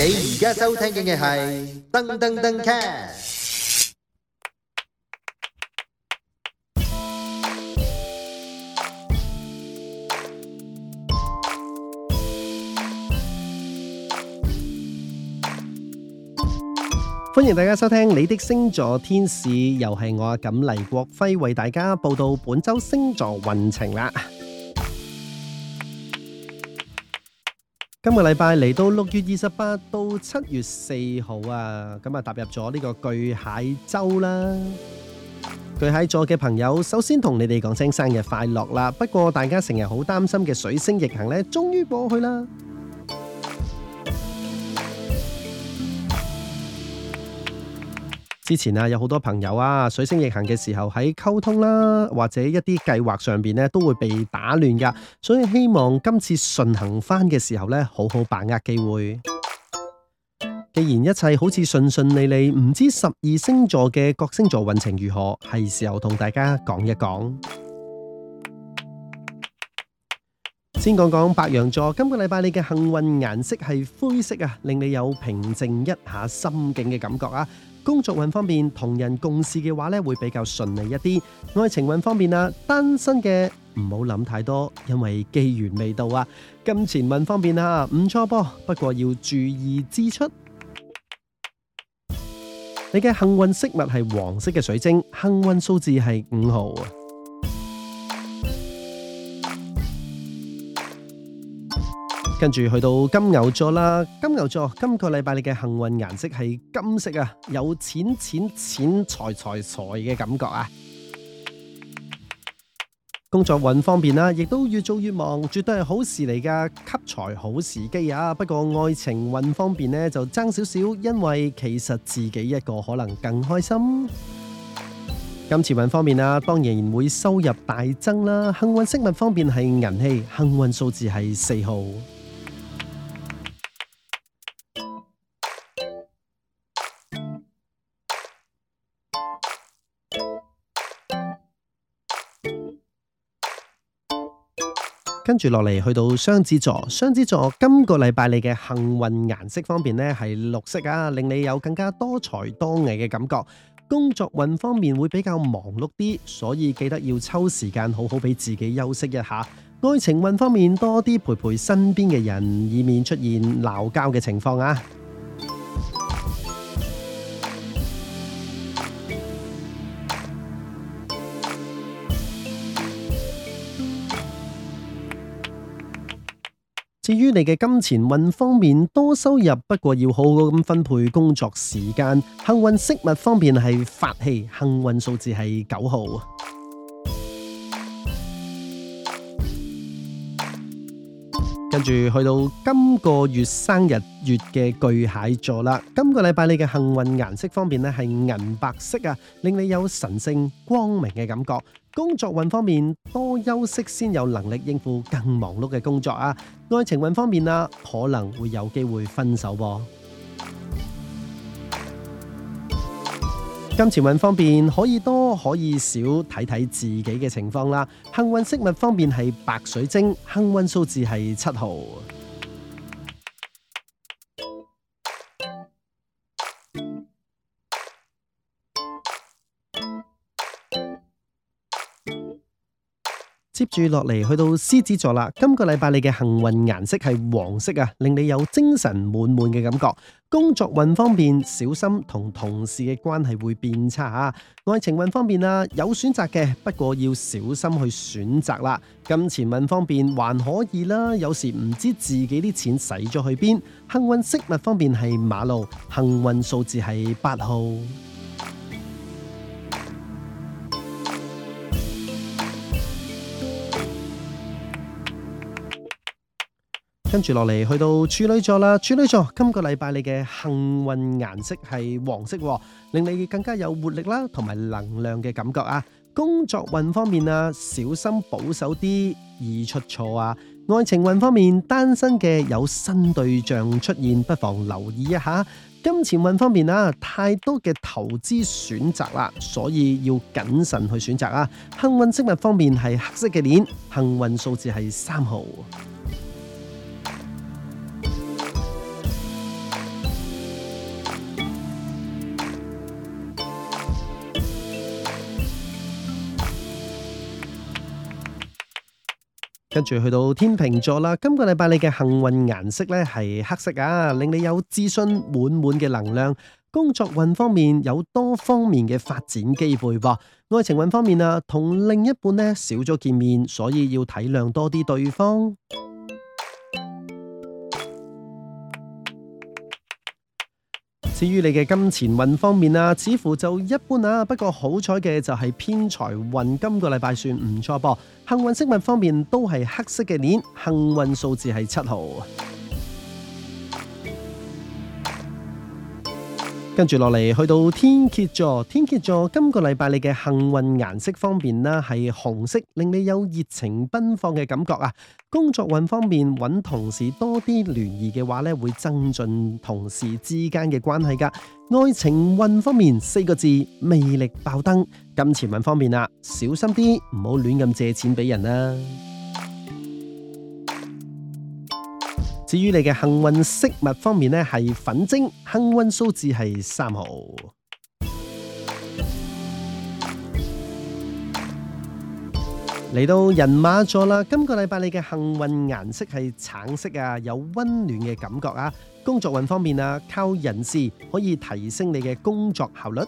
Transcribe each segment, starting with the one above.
你而家收聽嘅係噔噔噔 cast，歡迎大家收聽你的星座天使，又係我阿感黎國輝為大家報道本周星座運程啦。今個禮拜嚟到六月二十八到七月四號啊，咁啊踏入咗呢個巨蟹周啦。巨蟹座嘅朋友，首先同你哋講聲生日快樂啦！不過大家成日好擔心嘅水星逆行呢，終於過去啦。之前啊，有好多朋友啊，水星逆行嘅時候喺溝通啦，或者一啲計劃上面呢，都會被打亂㗎，所以希望今次順行返嘅時候呢，好好把握機會。既然一切好似順順利利，唔知十二星座嘅各星座運程如何，係時候同大家講一講。先講講白羊座，今個禮拜你嘅幸運顏色係灰色啊，令你有平靜一下心境嘅感覺啊。工作運方面，同人共事嘅話咧，會比較順利一啲。愛情運方面啊，單身嘅唔好諗太多，因為機緣未到啊。金錢運方面啊，唔錯噃，不過要注意支出。你嘅幸運飾物係黃色嘅水晶，幸運數字係五號。跟住去到金牛座啦，金牛座今個禮拜你嘅幸運顏色係金色啊，有錢錢錢財財財嘅感覺啊。工作運方面啦、啊，亦都越做越忙，絕對係好事嚟噶，吸財好時機啊。不過愛情運方面呢，就爭少少，因為其實自己一個可能更開心。金錢運方面啦、啊，當然會收入大增啦、啊。幸運飾物方面係銀器，幸運數字係四號。跟住落嚟，去到雙子座，雙子座今個禮拜你嘅幸運顏色方面呢係綠色啊，令你有更加多才多藝嘅感覺。工作運方面會比較忙碌啲，所以記得要抽時間好好俾自己休息一下。愛情運方面多啲陪陪身邊嘅人，以免出現鬧交嘅情況啊。至於你嘅金錢運方面，多收入，不過要好好咁分配工作時間。幸運飾物方面係法器，幸運數字係九號。跟住去到今個月生日月嘅巨蟹座啦，今個禮拜你嘅幸運顏色方面咧係銀白色啊，令你有神聖光明嘅感覺。工作運方面，多休息先有能力應付更忙碌嘅工作啊。愛情運方面啦，可能會有機會分手噃。金錢運方面，可以多可以少，睇睇自己嘅情況啦。幸運飾物方面係白水晶，幸運數字係七號。接住落嚟，去到獅子座啦。今個禮拜你嘅幸運顏色係黃色啊，令你有精神滿滿嘅感覺。工作運方面，小心同同事嘅關係會變差啊。愛情運方面啊，有選擇嘅，不過要小心去選擇啦。金錢運方面還可以啦，有時唔知自己啲錢使咗去邊。幸運飾物方面係瑪瑙，幸運數字係八號。跟住落嚟，去到處女座啦！處女座，今個禮拜你嘅幸運顏色係黃色，令你更加有活力啦，同埋能量嘅感覺啊！工作運方面啊，小心保守啲，易出錯啊！愛情運方面，單身嘅有新對象出現，不妨留意一下。金錢運方面啊，太多嘅投資選擇啦，所以要謹慎去選擇啊！幸運飾物方面係黑色嘅鏈，幸運數字係三號。跟住去到天秤座啦，今個禮拜你嘅幸運顏色咧係黑色啊，令你有自信滿滿嘅能量。工作運方面有多方面嘅發展機會噃。啊，愛情運方面啊，同另一半咧少咗見面，所以要體諒多啲對方。至於你嘅金錢運方面啊，似乎就一般啊。不過好彩嘅就係偏財運，今個禮拜算唔錯噃。幸運飾物方面都係黑色嘅鏈，幸運數字係七號。跟住落嚟，去到天蠍座。天蠍座今個禮拜你嘅幸運顏色方面啦，係紅色，令你有熱情奔放嘅感覺啊。工作運方面，搵同事多啲聯誼嘅話咧，會增進同事之間嘅關係噶。愛情運方面，四個字，魅力爆燈。金錢運方面啊，小心啲，唔好亂咁借錢俾人啦。至於你嘅幸運飾物方面呢，係粉晶；幸運數字係三號。嚟到人馬座啦，今個禮拜你嘅幸運顏色係橙色啊，有溫暖嘅感覺啊。工作運方面啊，靠人事可以提升你嘅工作效率。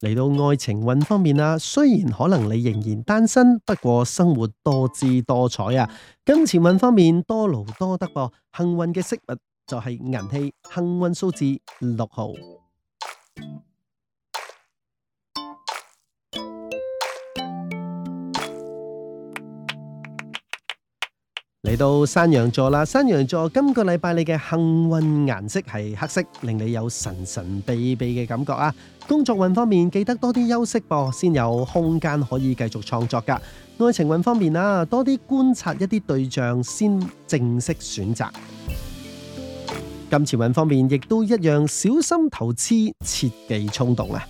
嚟到愛情運方面啦，雖然可能你仍然單身，不過生活多姿多彩啊！金錢運方面多勞多得噃，幸運嘅飾物就係銀器，幸運數字六號。嚟到山羊座啦，山羊座今個禮拜你嘅幸運顏色係黑色，令你有神神祕祕嘅感覺啊。工作運方面，記得多啲休息噃，先有空間可以繼續創作噶。愛情運方面啊，多啲觀察一啲對象先正式選擇。金錢運方面亦都一樣，小心投資，切忌衝動啊！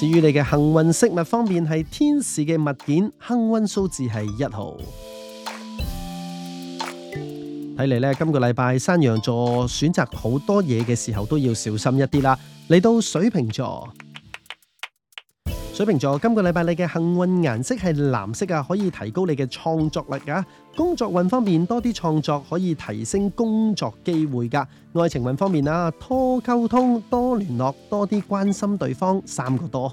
至於你嘅幸運飾物方面，係天使嘅物件，幸運數字係一號。睇嚟呢，今個禮拜山羊座選擇好多嘢嘅時候都要小心一啲啦。嚟到水瓶座。水瓶座，今個禮拜你嘅幸運顏色係藍色啊，可以提高你嘅創作力噶。工作運方面，多啲創作可以提升工作機會噶。愛情運方面啦，多溝通、多聯絡、多啲關心對方，三個多。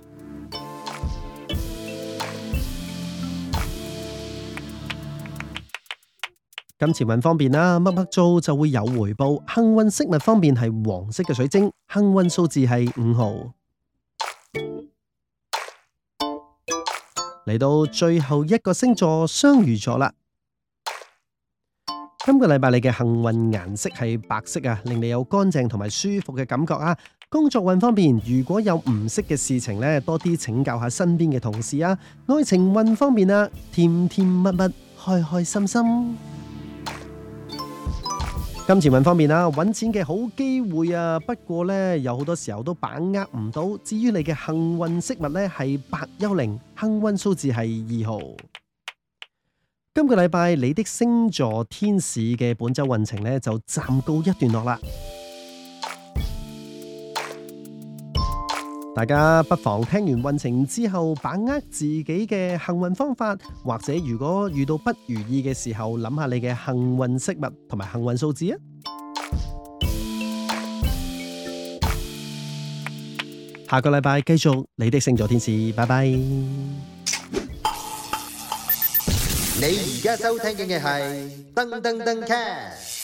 金錢運方面啦，默默做就會有回報。幸運飾物方面係黃色嘅水晶，幸運數字係五號。嚟到最後一個星座雙魚座啦！今個禮拜你嘅幸運顏色係白色啊，令你有乾淨同埋舒服嘅感覺啊。工作運方面，如果有唔識嘅事情呢，多啲請教下身邊嘅同事啊。愛情運方面啊，甜甜蜜蜜，開開心心。金錢運方面啦、啊，搵錢嘅好機會啊，不過呢，有好多時候都把握唔到。至於你嘅幸運飾物呢，係白幽靈，幸運數字係二號。今個禮拜，你的星座天使嘅本周運程呢，就暫告一段落啦。大家不妨聽完運程之後，把握自己嘅幸運方法，或者如果遇到不如意嘅時候，諗下你嘅幸運飾物同埋幸運數字啊！下個禮拜繼續你的星座天使，拜拜！你而家收聽緊嘅係噔噔噔 cast。